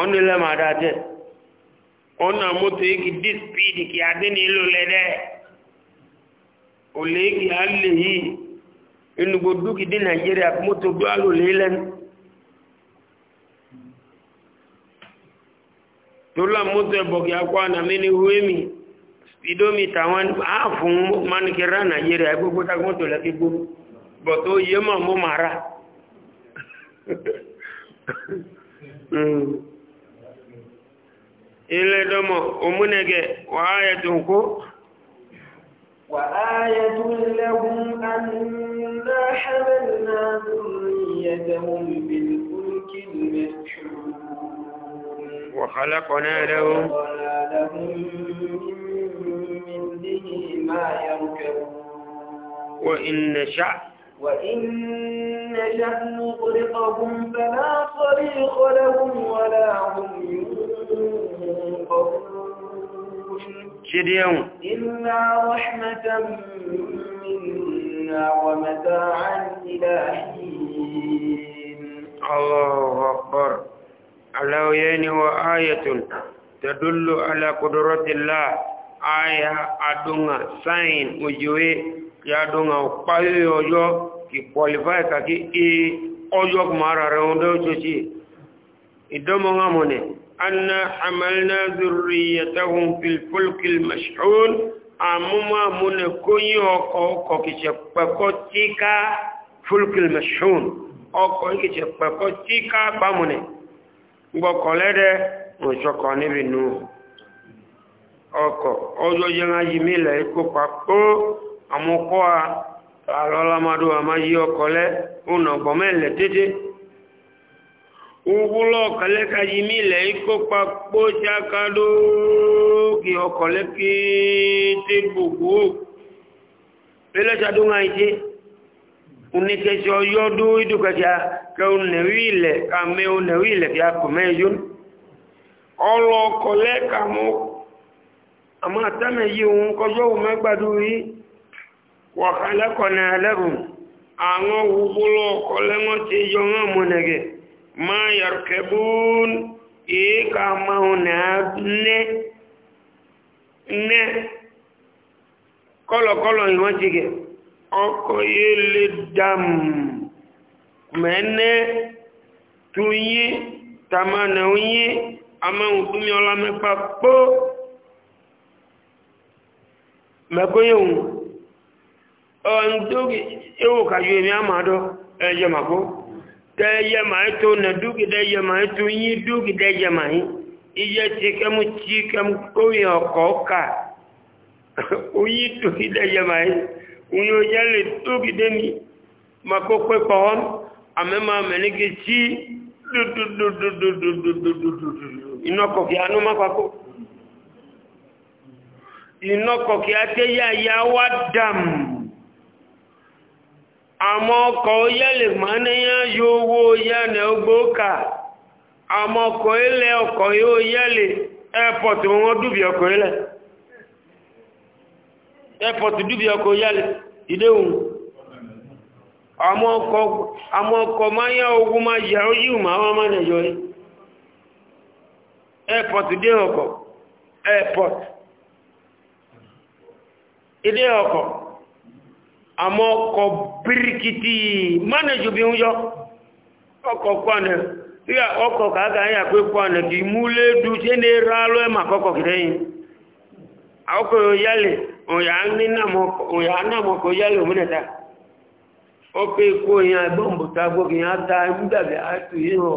ọ́nilẹ̀ máa dájẹ́ ọ̀nà mọ́tò igi díspídì kí a dín ní ìlú lẹ́dẹ́ olè igi alè moto inú alụ dúkìdí tola mose bogi akwa na mini huemi speedometer wan afu man kira na yere agogo ta ko tola ki go but o ye ma mo mara mm ile domo omunege wa ayatun ko wa ayatun lahum anna hamalna dhurriyyatahum bil fulki al وخلقنا لهم ما وإن نشأ وإن نشأ نغرقهم فلا صريخ لهم ولا هم ينقذون إلا رحمة منا ومتاعا إلى حين الله أكبر على وين وآية تدل على قدرة الله آية أدونا سين وجوه يدونا وقايو يوجو كي qualify كي إي أجو كمارا روندو تشي إدوما غاموني أن حملنا ذريتهم في الفلك المشحون أمما من كوني أوكو كي شبكو تيكا فلك المشحون أو كي شبكو تيكا باموني gbɔkɔ lɛ ɖe ŋutsɔkɔ nibi nu ɔkɔ ɔdzɔdze ŋa yi mi le eko pa kpo amɔkɔa alɔ lama do ama yi ɔkɔ lɛ wonɔ gbɔmɛ lɛ tete wòwúlɔ kalẹ ka yi mí lẹ ikó kpa kpó tsaka ɖó kì ɔkɔ lẹ kéte gbogbo pélétsa ɖó ŋa yi dzé unetsɛtsɛ yɔ ɖó idókatsa ka nẹ̀wí ilẹ̀ ká mẹ́hún nẹ̀wí ilẹ̀ kí a kò mẹ́yún ọlọ kọlẹ́ ká mú àmọ́ yìí òun kọjọ́ òun mẹ́gbàdú yìí wọ̀kálẹ́kọ̀ọ́nà ẹlẹ́rùn àwọn wọn ti yọ wọn mọ̀nẹ̀gẹ̀ máa yàrkẹ́bùn èé ká máhùn kọlọkọlọ kọlọ̀kọlọ̀ ìwọ́n ti gẹ̀ lè dàmù. mẹ́ẹ́nẹ́ tún yí tamana yí amáhùn túnmí ọlá mẹ́fà pó mẹ́kóyéhùn ọ̀ndógi ewu kàjú èmì àmàdọ́ ẹ̀yẹ màkó tẹ́ẹ̀yẹ màá tó nà dúkì dẹ́yẹ màá iye amema meneke chi inoko kia anuma kwako inoko kia te ya ya wadam àmọ́ ọkọ̀ yẹ́lẹ̀ máa níyàn yóò wó yẹ́nà ogbóòkà àmọ́ ọkọ̀ ilẹ̀ ọkọ̀ yóò yẹ́lẹ̀ airport wọn dúbì ọkọ̀ ilẹ̀ airport dúbì ọkọ̀ yẹ́lẹ̀ ìdéhùn àmọ́ ọkọ̀ máa yá ogun máa yà ó yíò máa wá máa nẹ̀yọ rí airport dé ọkọ̀ airport ilé ọkọ̀ àmọ́ ọkọ̀ bíríkìtì mánẹ̀jù bí ń yọ ọkọ̀ pọ̀nà bí ọkọ̀ kàákà ń yà pé pọ̀nà kì í múlé dù tí ní rá lọ́ ẹ̀mà kọ́kọ̀ kìrẹ́yìn àwọn kò yálè òyà ń ní nàmọ́kọ̀ yálè òmìnira ọkọ̀ ikú yẹn agbọ́nbùta gbogbo yẹn ata ẹgbùgbàgbà àtù yìí hàn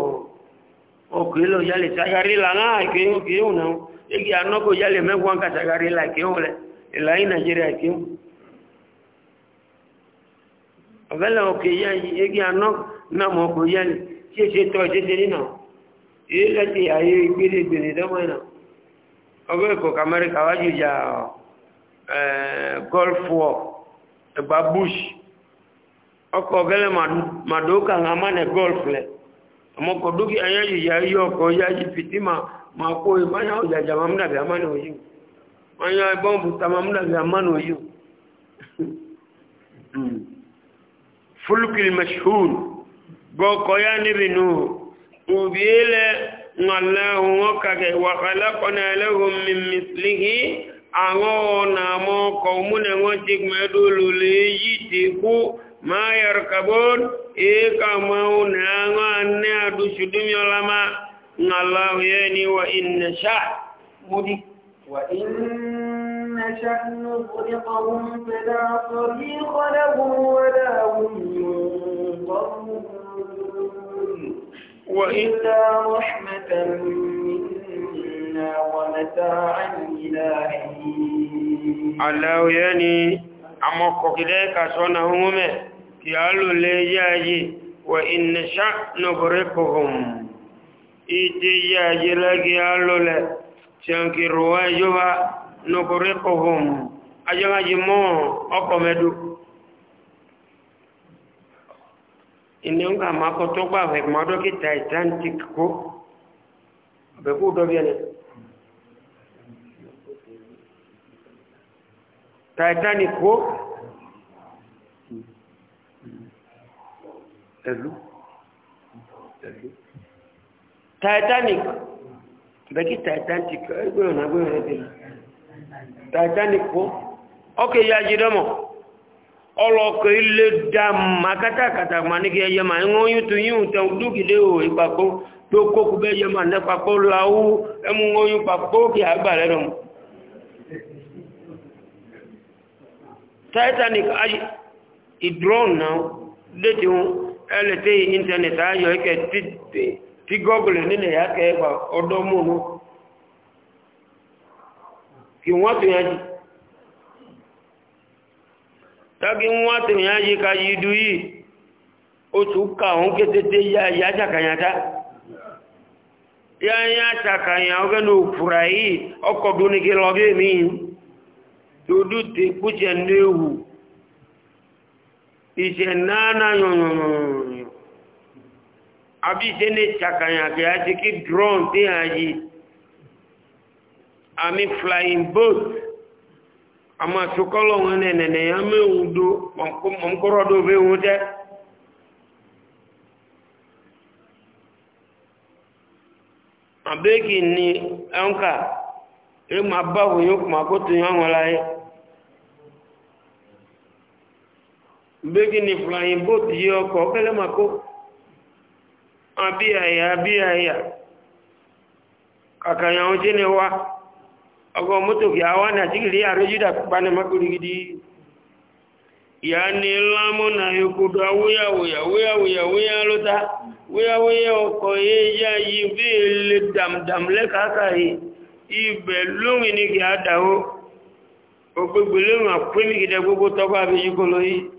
ọkọ̀ ilọ̀ yálè sagari là náà kéhùn náà igi anọ́kọ̀ yálè mẹ́gbọ́n ká sagari là kéhùn lẹ̀ ìlàyé nàìjíríà kéhùn ọ̀fẹ́lẹ̀ ọkọ̀ yẹn igi anọ́ náà mọ̀ ọkọ̀ yálè tí èsè tọ́ ìṣẹ́ṣẹ́ nínà èyí láti ayé ìgbélé gbèlè dọ́mọ́ náà ọgbẹ́ ìkọ̀ kamẹ́ríkà wájú ìjà gulf war ẹgbà bush ọkọ̀ gẹ́lẹ́ màdókà ń amánẹ̀ golf lẹ̀ àmọ́ kò dókì ayé yìyà yí ọkọ̀ yá yí fìtí ma ma kó e máa yá òjàjà máa múnàbí amánẹ̀ òyìn wọ́n yá bọ́ǹbù ta máa múnàbí amánẹ̀ òyìn fulukil mashhur bọ́ọ̀kọ̀ yá níbi nù òbí lẹ̀ ńlá wọn kàkẹ́ wàhálà kọ́nà ẹlẹ́hùn mímísìlìhì àwọn ọ̀nà àmọ́ ọkọ̀ múnẹ̀ wọ́n ti gbẹ́dọ̀ lò lè ti kú ma yarkabun ika mauna ngane adu shudumi olama ngallahu yani wa inna sha mudi wa inna sha nughriqahum fala tariqa lahum wa la hum وإلا رحمة منا ومتاعا إلى حين الله يعني àmọ́ kọ̀kìdẹ́ kàṣọ́nà húnmẹ́ kí a lò lè yáyé wà iná ṣánàbọ̀rẹ́ kọ̀hùn ìdí yáyé lẹ́gí a lò lẹ́ tí a ń kí rọwà yóba nàbọ̀rẹ́ kọ̀hùn ajọ́májí mọ́ ọkọ̀ mẹ́dù ilé ń tó gbà titanic wo ẹ̀lú titanic bẹ́kí titanic ẹgbẹ̀rún agbẹ̀rún ẹgbẹ̀rún titanic wo ma ní kí ẹyẹ ma ń wọ́n yún tó yún tẹ́ dúkìdé to ìpapọ̀ tó kókù bẹ́yẹ ma nẹ́papọ̀ láwú ẹmú wọ́n yún papọ̀ titanic ìdúróòn náà dédé wọn ẹlẹ́tẹ́ ìntẹ́nẹ̀tì ayọ̀ ẹ̀kẹ́ tí gọ́gùlù nílẹ̀ yá kẹ́ẹ̀kọ́ ọdọ́ mọ́nú kí wọ́n tó yá jì wọ́n tó yá ká yìí dú yìí ó tún ká kétété tòdútì kúṣẹ̀ léwu ìṣẹ̀ náà yọ̀nyọ̀nyọ̀nyọ̀ àbí ìṣẹ́ a yi ami flying boat àmà ṣùkọ́lọ̀ wọn nẹ̀nẹ̀nẹ̀ ya mẹ́wùn dó mọ̀kúrọ́dó fẹ́wùn ni e mbegi ni flying boat yoko kele mako abia ya abia ya kaka ya ojene wa ogo moto ki awana jigili ya rejida kupane makuri gidi yani lamu na yukudu awuya wuya wuya wuya wuya lota wuya wuya oko yeja yibili damdam le kaka yi ibe lungi ni ki adawo ogbegbele ma kwemi gidi gbogbo tọgbà abijikolo yìí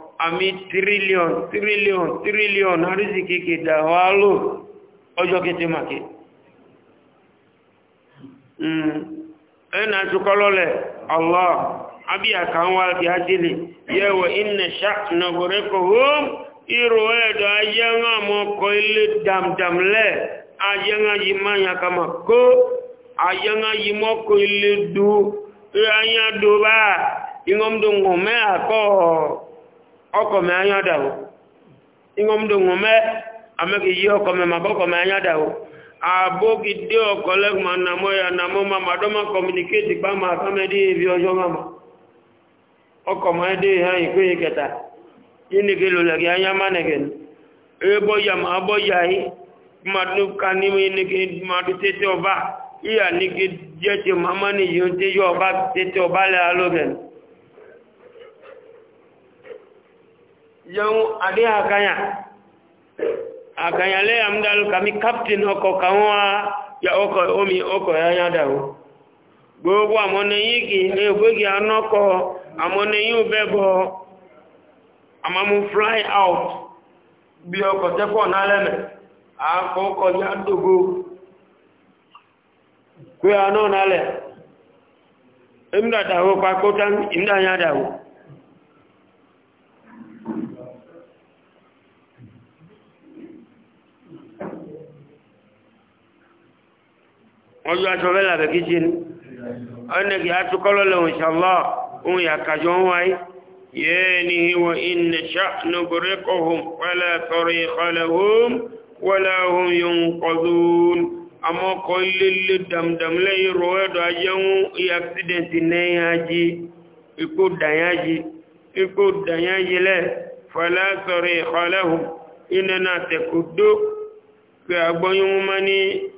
àmì tírílíọ̀n tírílíọ̀n tírílíọ̀n àríṣì kéèkéè dàwà lò ọjọ́ kété màkè hmm. ẹ̀nà àtúkọ́lọ́lẹ̀ allah àbí àkànwà àti àjílẹ̀ yẹ́wọ̀ iná ṣàtúnàgbọ̀rẹ́kọ̀ hóm ìrò ẹ̀dọ̀ ayẹ́rán àmọ́kọ̀ ilé dàmdàmlẹ̀ ayẹ́rán yìí máa yàkàmà kó ayẹ́rán yìí mọ́kọ̀ ilé dú ìrànyàdó bá ọkọ mẹ anya dà o iṅom do ŋo yi ọkọ mẹ ma mẹ́ màbọ́kọ̀ anya dà o àbókì dé ọkọ̀ lẹ́gbọ̀n ya nàmọ́ ma màdọ́mà kọmínikéètì gba ma sámẹ́dé ebi ọjọ́ kẹta anya mánẹ̀kẹ̀ ebo ya ma abọ ya yí madu na yínike tete ọba na nike ma na ọba tete ọba jẹun adé àkànyà àkànyà lẹ́yà ń dá captain ọkọ̀ kàwọn ya ọkọ̀ omi ọkọ̀ yáyá dàrú gbogbo àmọ́nẹ̀yìn kì ní ògbégi anọ́kọ̀ àmọ́nẹ̀yìn òbẹ́bọ̀ fly out bí ọkọ̀ tẹ́fọ̀ na àkọ́kọ̀ yá dògbò pé anọ́ nálẹ̀ ìmúdàdàwó pakótán ìmúdàyà dàwó ọjọ́ aṣọ mẹ́lá bẹ̀ kíjì ní ọ́nàkì àtúkọ́lọ́ lẹ́wọ̀n ṣàlọ́ ohun ìyàkàjọ ń wáyé yẹ́ ni wọ́n iná ṣàánú burúkọ̀hùn pẹ́lẹ̀ tọrọ ìkọlẹ̀hùn wọ́lẹ̀ ohun yóò kọzún amọ́kọ̀ ilé dàmdàm lẹ́yìn rọ̀wẹ́dọ̀ ajẹ́hún ìyàksidẹ̀ntì nẹ́yàjí ikú dàyàjí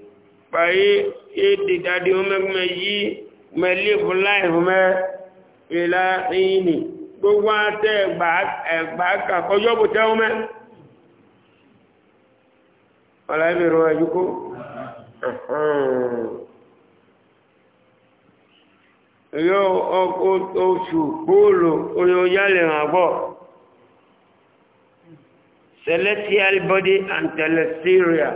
kpaye ede dade wome kume yi me live life me ila eyini gbogbo atẹ ẹgba ẹgba kakọjọ bò tẹ wome ọlá ibi rọ ẹjú kó yóò ọkọ oṣù kóòlù oyóyálẹ̀ hàn bọ̀ celestial body and telestial.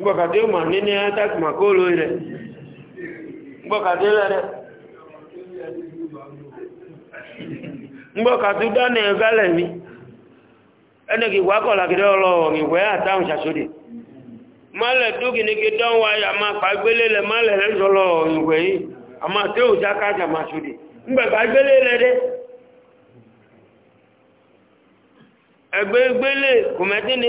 gbọ́kàdé mà nínú ẹ́tàkì mà kó lórí rẹ̀ gbọ́kàdé lẹ́rẹ̀ gbọ́kàdé dáná ẹ̀gálẹ̀ mi ẹnìkì wákọ̀ làkìdẹ́ ọlọ́wọ̀ ìwẹ́ àtàwọn ṣàṣódì ní kí dán wa yà máa pàgbélé lẹ mọ́lẹ̀ lẹ́sọ̀lọ́ ìwẹ́ yìí àmà tí ó jákàjà máa ṣòdì gbẹ̀gbàgbélé lẹ́dẹ́ gbélé ní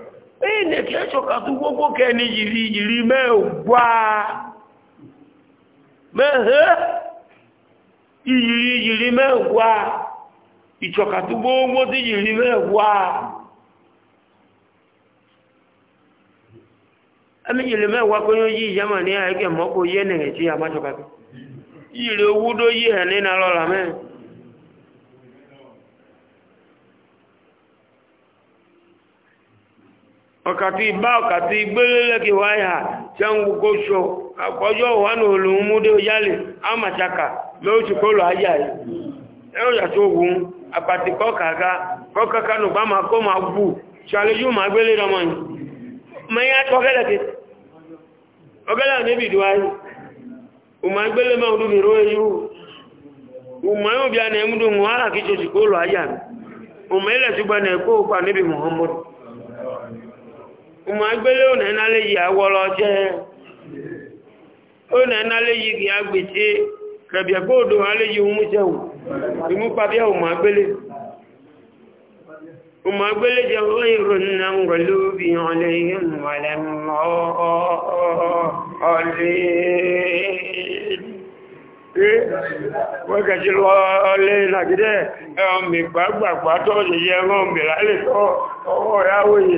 e ka ịchọkata ugwogwo ka eni yiri yiri mee ugwa mee mee dị yiri mee ugwa ẹmi yìí lè mẹ́wàá pé yóò yí ìyámà ní àìkẹ́ mọ́kò tí a máa ṣọ̀kàtà yìí owó tó yí ẹ̀ nínú ọ̀kàtí ìbá ọ̀kàtí gbélélẹ́kì wáyà tí ń gbogbo ṣọ àpọ̀jọ́ ìwánà olóhun múdé ojálè ámàṣàkà lóòtù kó lọ ayà rẹ̀ ẹ̀rọ̀yà tó wùn àpàtì kọ́kàká kọ́kàká nù bá máa kó máa bù ṣàlejò máa gbélé ọmọ yìí mẹ́yà tọ́gẹ́lẹ̀kì ọgẹ́lẹ̀ níbi ìdíwáyé ọmọ gbélé máa dún ìró eyú ọmọ yóò bí a nà ẹmúdùn wàhálà kí ṣe sì kó lọ ayà rẹ̀ ọmọ ilẹ̀ ṣùgbọ́n ẹ̀kọ́ òpá níbi muhammadu ụmụ agbélé ònà iná lè yí àwọ́lọ jẹ́ ònà iná lè yí kìí agbèsè kẹ̀bẹ̀ kóòdò wọn lè ìmú agbélé agbélé jẹ tó ṣe yẹ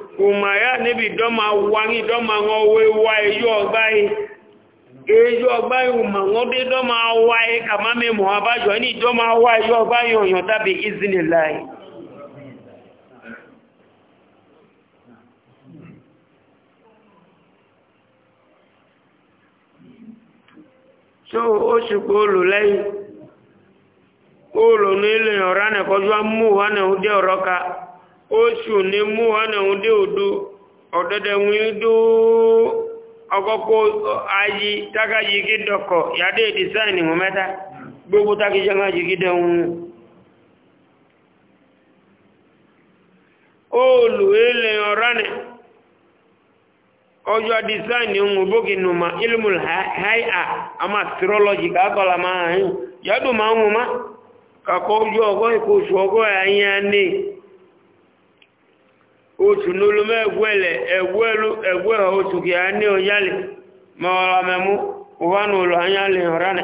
umaya níbi dọ́mà wáyí dọ́mà wọn owó wá ejú ọgbáyé ejú ọgbáyé umar wọn dé dọ́mà wáyé kàmá mẹ́mọ̀ abájọ́ ní dọ́mà wá ejú ọgbáyé ọ̀yàn tàbí ìzìnlẹ̀ tó ó sì kó na ka oṣù ni mú ọ̀nà òdé òdó ọ̀dọ́dẹ̀ wọn ìdó ọkọ̀kọ́ ayi tákàjì kí dọ̀kọ̀ yàdé ìdísáìnì mú mẹ́ta gbogbo tákàjì kí kí dẹ̀wọ̀n ọjọ́ dísáìnì ohun bókì numa ilmul haia a ma astrology kakọla ma ayin yadu ma ohun ma kakọ ojú ọgọ́ ikú oṣù ọgọ́ ayin ya ni otu n'olu ma egwu ele egwu elu egwu ha otu gị ya ndị onyali ma ọ amemụ ụwa n'ụlọ anya lị ọra na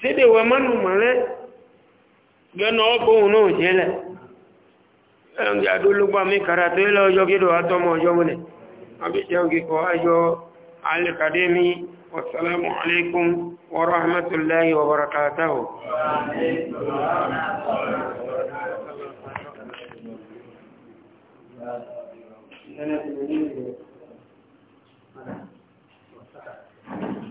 tịdị wee mmanụ mmanụ gị na ọ bụ na oji ele ndị e, adịlụ gba mị kara atọ ele ọjọọ gị dị atọ ma ọjọọ mụ na abịa gị ka ọ ajọ alịkadị mị والسلام عليكم ورحمة الله وبركاته Thank you.